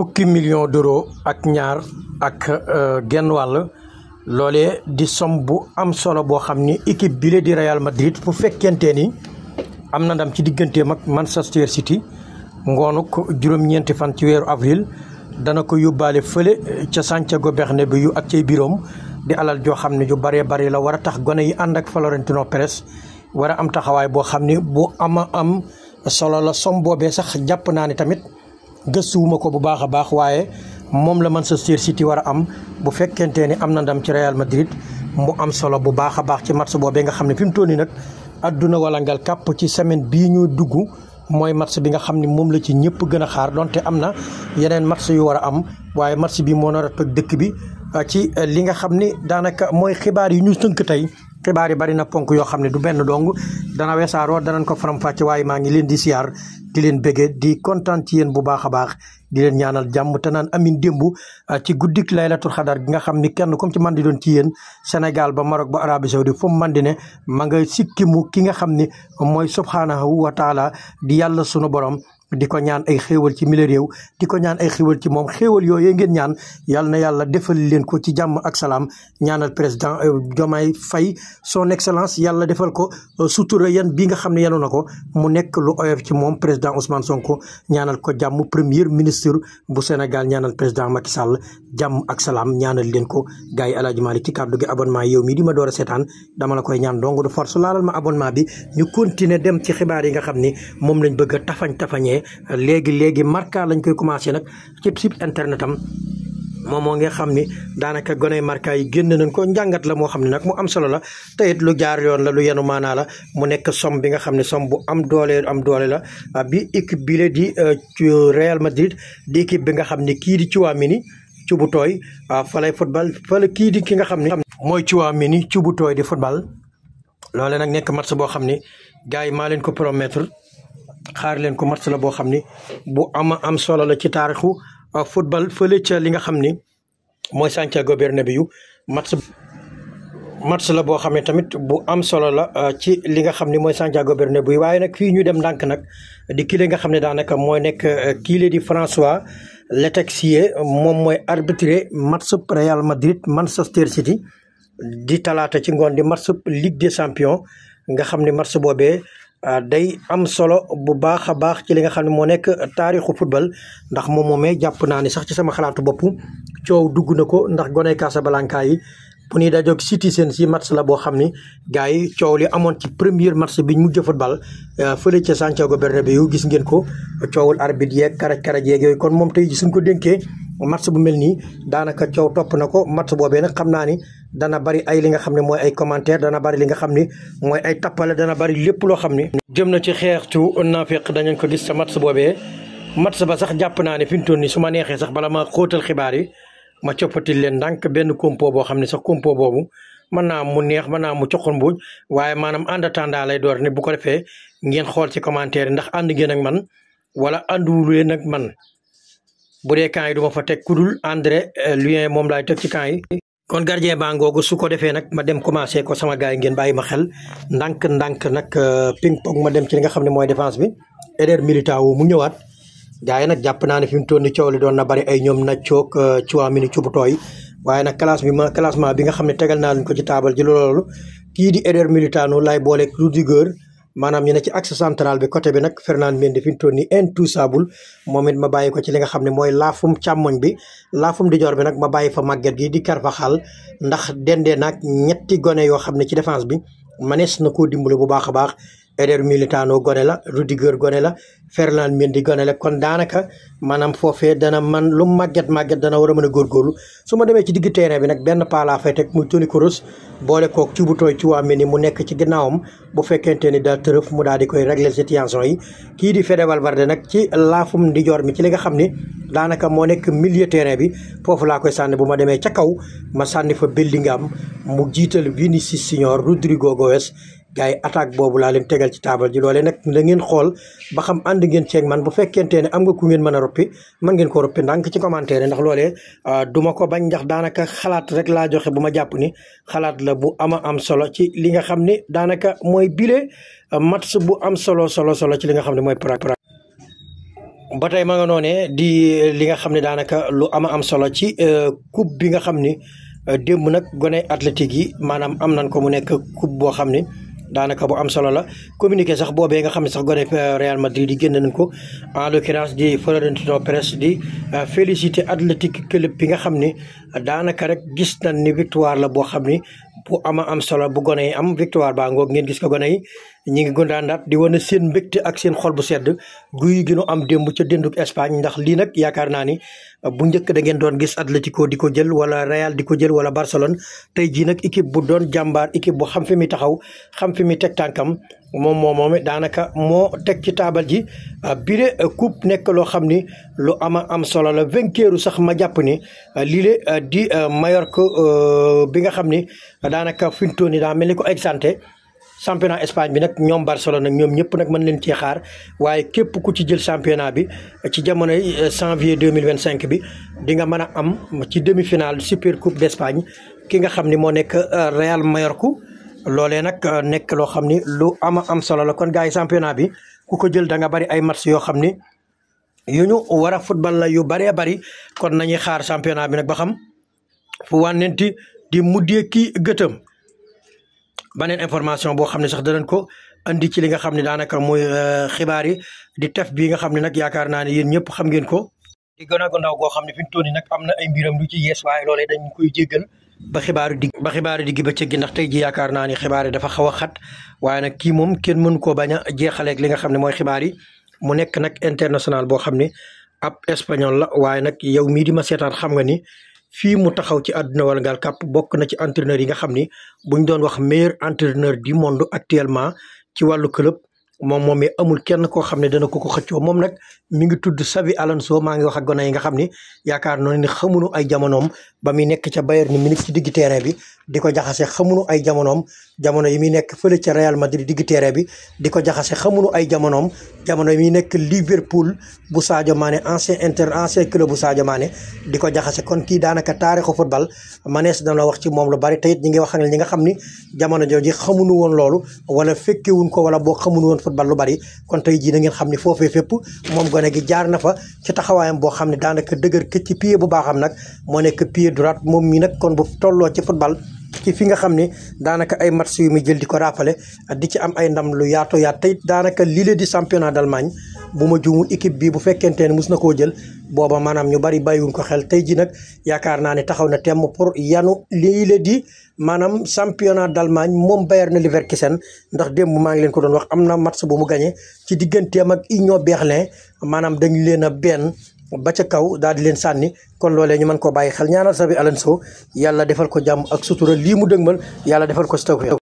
fukki million d'euros ak ñaar ak euh, genn wàll loolee di som bu am solo boo xam ni équipe bile di Real Madrid bu fekkente ni am na ndam ci diggante ak Manchester City ngoonuk juróom-ñeenti fan ci weeru avril dana ko yóbbaale fële euh, ca Santiago Bernabéu yu ak cay biroom di alal joo xam ne ju bëree bëri la war a tax gone yi ànd ak Florentino Pérez war a am taxawaay boo xam ni bu ama am solo la som boobee sax jàpp naa ne tamit gëstuwuma ko bu baax a baax waaye moom la man sa Manchester City war a am bu fekkente ni am na ndam ci Real Madrid mu am solo bu baax a baax ci match boobee nga xam ne fi mu toll nii nag adduna walangal kàpp ci semaine bii ñu dugg mooy match bi nga xam ni moom la ci ñëpp gën a xaar donte am na yeneen match yu war a am waaye match bi moo nar a toj dëkk bi ah, ci eh, li nga xam ni daanaka mooy xibaar yi ñu tënk tey xibaar yi bari na ponk yoo xam ne du benn dong dana weesaaroo danañ ko faram-fàcce waaye maa ngi leen di siyaar di leen bëggee di kontaan ci yéen bu baax a baax di leen ñaanal jàmm te naan amin démb ah, ci guddik laylatul xadar gi nga xam ni kenn kom ci man di doon ci yéen Sénégal ba Maroc ba Arabie Saoudi fu mu man di ne manga nga sikkimu ki nga xam ni mooy subhaanahu wa taala di yàlla sunu borom di ko ñaan ay xéewal ci mille réew di ko ñaan ay xéewal ci moom xéewal yooyu ngeen ñaan yal na yàlla defal leen ko ci jàmm ak salaam ñaanal président euh, Diomaye Faye son excellence yàlla defal ko euh, sutura yan bi nga xam ne yenu na ko mu nekk lu oyof ci moom président Ousmane Sonko ñaanal ko jàmm premier ministre bu Sénégal ñaanal président Macky Sall jàmm ak salaam ñaanal leen ko gaay yi Alaaji Malick ci kàddu gi abonnement yow mii di ma door a seetaan dama la koy ñaan dong du force laalal ma abonnement bi ñu continuer dem ci xibaar yi nga xam ni moom lañ bëgg a tafañ tafañee léegi léegi Marca lañ koy commencé nag ci site internet am moom moo nga xam ni daanaka gone Marca yi génn nañ ko njàngat la moo xam ne nag mu am solo la te lu jaar yoon la lu yenu maanaa la mu nekk som bi nga xam ne som bu am doole am doole la ah, bi équipe bi di euh, ci Real Madrid di équipe bi nga xam ni kii di Tchouaméni cubu tooy ah, fa lay football fala kii di ki nga xam ne mooy Tchouaméni cubu tooy di football loole nag nekk match boo xam ne gars yi leen ko promettre xaar leen ko match la boo xam ni bu ama am solo la ci taarixu euh, football fële ca li nga xam ni mooy Santiago Bernabéu match match la boo xam ne tamit bu am solo la euh, ci li nga xam ne mooy Santiago Bernabéu waaye nag fii ñu dem ndànk nag di kii nga xam ne daanaka mooy nekk euh, kii di François Letexier moom mooy arbitré match Real Madrid Manchester City di talaata ci ngoon di match Ligue des Champions nga xam ne match boobee Ah, day am solo bu baax a baax ci li nga xam ne moo nekk taarixu football ndax moom moomee jàpp naa ni sax ci sama xalaatu bopp coow dugg na ko ndax gone Casablanca yi bu ñuy dajoog City seen si match la boo xam ni gars yi coow li amoon ci premier match bi ñu mujj football ah, fële ca Santiago yow gis ngeen ko coowul arbitre yeeg karaj karaj yeeg yooyu kon moom tey ji suñ ko dénkee match bu mel nii daanaka coow topp na ko match boobee nag xam naa ni dana bari ay li nga xam ne mooy ay commentaire dana bari li nga xam ni mooy ay tappale dana bari lépp loo xam ni. jëm na ci xeextu naafeq dañu ko gis sa match boobee match ba sax jàpp naa ne fi mu toll nii su ma neexee sax bala ma xootel xibaar yi ma coppatil leen ndànk benn compo boo xam ne sax compo boobu. mën naa mu neex mën naa mu coqoon mbuuj waaye maanaam en attendant lay door ne bu ko defee ngeen xool ci commentaire yi ndax ànd ngeen man wala ànduwuleen ak man bu dee camp yi du ma fa teg kudul André euh, Luin moom laay teg ci camp yi. kon gardien baa ngoogu su ko defee nag ma dem commencé ko sama gars yi ngeen bàyyi ma xel ndànk-ndànk nag euh, ping pong ma dem ci li nga xam ne mooy défense bi. Eder Militão mu ñëwaat gars yi nag jàpp naa ne fi mu ni nii coow li doon na bari ay ñoom na o coog Tchouaméni euh, Couboutoy waaye na classe bi ma classement bi nga xam ne tegal naa leen ko ci taabal ji loolu kii di Eder Militão laay booleeg Rudiger maanaam ñu ne ci axe central bi côté bi nag Fernand Mendy fi mu toll nii intouchable moom it ma bàyyi ko ci li nga xam ne mooy laafum càmmoñ bi laafum dijoor bi nag ma bàyyi fa màgget gi di xaal ndax dendee nag ñetti gone yoo xam ne ci défense bi manees na koo dimbale bu baax a baax Eder Militano gone la Rudiger gone la Ferland Mendy gone la kon daanaka maanaam foofee dana man lu màgget màgget dana war a mën a góorgóorlu su ma demee ci digg terrain bi nag benn paa laa fay teg muy Toni Kroos boole kook ci bu ci waa Mendy mu nekk ci ginnaawam bu fekkente ni daal tërëf mu daal di koy régler situation yi kii di Fede Valverde nag ci laafum ndijoor mi ci li nga xam ni daanaka moo nekk milieu terrain bi foofu laa koy sànni bu ma demee ca kaw ma sànni fa Bellingham mu jiital Vinicius Junior Rodrigo gars yi attaque boobu laa leen ci taabal ji loolee nag da ngeen xool ba xam ànd ngeen ceeg man bu fekkente ne am nga ku ngeen mën a roppi mën ngeen ko roppi ndànk ci commentaire ndax loolee ah, duma ko bañ ndax daanaka xalaat rek laa joxe bu ma jàpp ni xalaat la bu ama am solo ci li nga xam ne daanaka mooy bile ah, match bu am solo solo solo ci li nga xam ne mooy pra ba tey ma nga noonee di li nga xam ne daanaka lu ama am solo ci eh, coupe bi nga xam ni eh, démb nag gone athlétique yi maanaam am nañ ko mu nekk coupe boo xam ne daanaka bu am solo la communiqué sax boobee nga xam ne sax gone Real Madrid di génn nañ ko en l'occurrence di Florentino Pérez di euh, félicité Athletic Club bi nga xam ni daanaka rek gis nañ ni victoire la boo xam ni bu ama am solo bu gone yi am victoire baa ngoog ngeen gis ko gone yi ñu ngi gundaandaat di wane seen mbégte ak seen xol bu sedd guy gi am démb ca dénduk Espagne ndax lii nag yaakaar naa ni bu njëkk da ngeen doon gis Atlético di ko jël wala Real di ko jël wala Barcelone tey jii nag équipe bu doon jàmbaar équipe bu xam fi mi taxaw xam fi mi teg tànkam moom moo moom it daanaka moo teg ci taabal ji ah, bile ah, coupe nekk loo xam ni lu ama am solo la vainqueur sax ma jàpp ni ah, lile di Mallorca euh, bi nga xam ni daanaka fi mu toll nii daa mel ni ko exante championnat Espagne bi nag ñoom Barcelona ñoom ñëpp nag mën leen cee xaar waaye képp ku ci jël championnat bi ci jamonoy eh, janvier deux mille vingt cinq bi di nga mën a am ci demi-finale super coupe d'Espagne ki nga xam ni moo nekk Real Mallorca. loolee nag euh, nekk loo xam ni lu ama am solo la kon gars yi championnat bi ku ko jël da nga bari ay match yoo xam ni yu ñu war a football la yu bëree bari kon nañuy xaar championnat bi nag ba xam fu wànnenti di mujjee kii gëtëm beneen information boo xam ne sax danañ ko andi ci li nga xam ne daanaka muy euh, xibaar yi di tef bii xam ne nag yaakaar naa ne yéen ñëpp xam ngeen ko. di gën a ndaw goo xam ne fi mu toll nii nag am na ay mbiram lu ci yees waaye loolee dañ koy jéggal. ba xibaaru digg ba xibaaru digg ba cëggi ndax tey ji yaakaar naa ni xibaar yi dafa xaw xat waaye nag kii moom kenn mënu koo bañ a jeexaleeg li nga xam ne mooy xibaar yi mu nekk nag international boo xam ne ab espagnol la waaye nag yow mii di ma seetaan xam nga ni fii mu taxaw ci àdduna wala ngal bokk na ci entraîneur yi nga xam ni buñ doon wax meilleur entraîneur du monde actuellement ci wàllu club moom moom mi amul kenn koo xam ne dana ko ko xëccoo moom nag mi ngi tudd Xabi Alonso maa ngi wax ak gone yi nga xam ni yaakaar noonu ni xamuñu ay jamonoom ba muy nekk ca Bayern Munich ci digg terrain bi di ko jaxase xamunu ay jamonoom jamono yi muy nekk fële ca Real Madrid terrain bi di ko jaxase ay jamonoom jamono yi muy nekk Liverpool bu Sadio maane ancien inter ancien kilo bu Sadio maane di ko jaxase kon kii daanaka taarixu football manees na la wax ci moom lu bari te ñi ngi wax ak ñi nga xam ni jamono jooju xamunu woon loolu wala fekkewuñ ko wala boo xamunu woon football lu bari kon tey jii na ngeen xam ni foofee fépp moom gone gi jaar na fa ci taxawaayam boo xam ne daanaka dëgër këcc ci pied bu baaxam nag moo nekk pied droit moom mi nag kon bu tolloo ci football ci fi nga xam ne daanaka ay match yu mu jël di ko rappelé di ci am ay ndam lu yaato yaat tey daanaka lile di championnat d'Allemagne bu ma juumul équipe bi bu fekkente ne mus na koo jël booba maanaam ñu bari bay bàyyiwuñ ko xel tey ji nag yaakaar naa ne taxaw na temm pour yanu lile di maanaam championnat d'Allemagne moom Bayer na liver Leverkusen ndax démb maa ngi leen ko doon wax am na match bu mu gagné ci digganteem ak Union Berlin maanaam dañ leen a benn ba ca kaw daal di leen sànni kon loolee ñu mën koo bàyyi xel ñaanal Xabi Alonso yàlla defal ko jàmm ak sutura lii mu dëgmal yàlla defal ko si tawfeex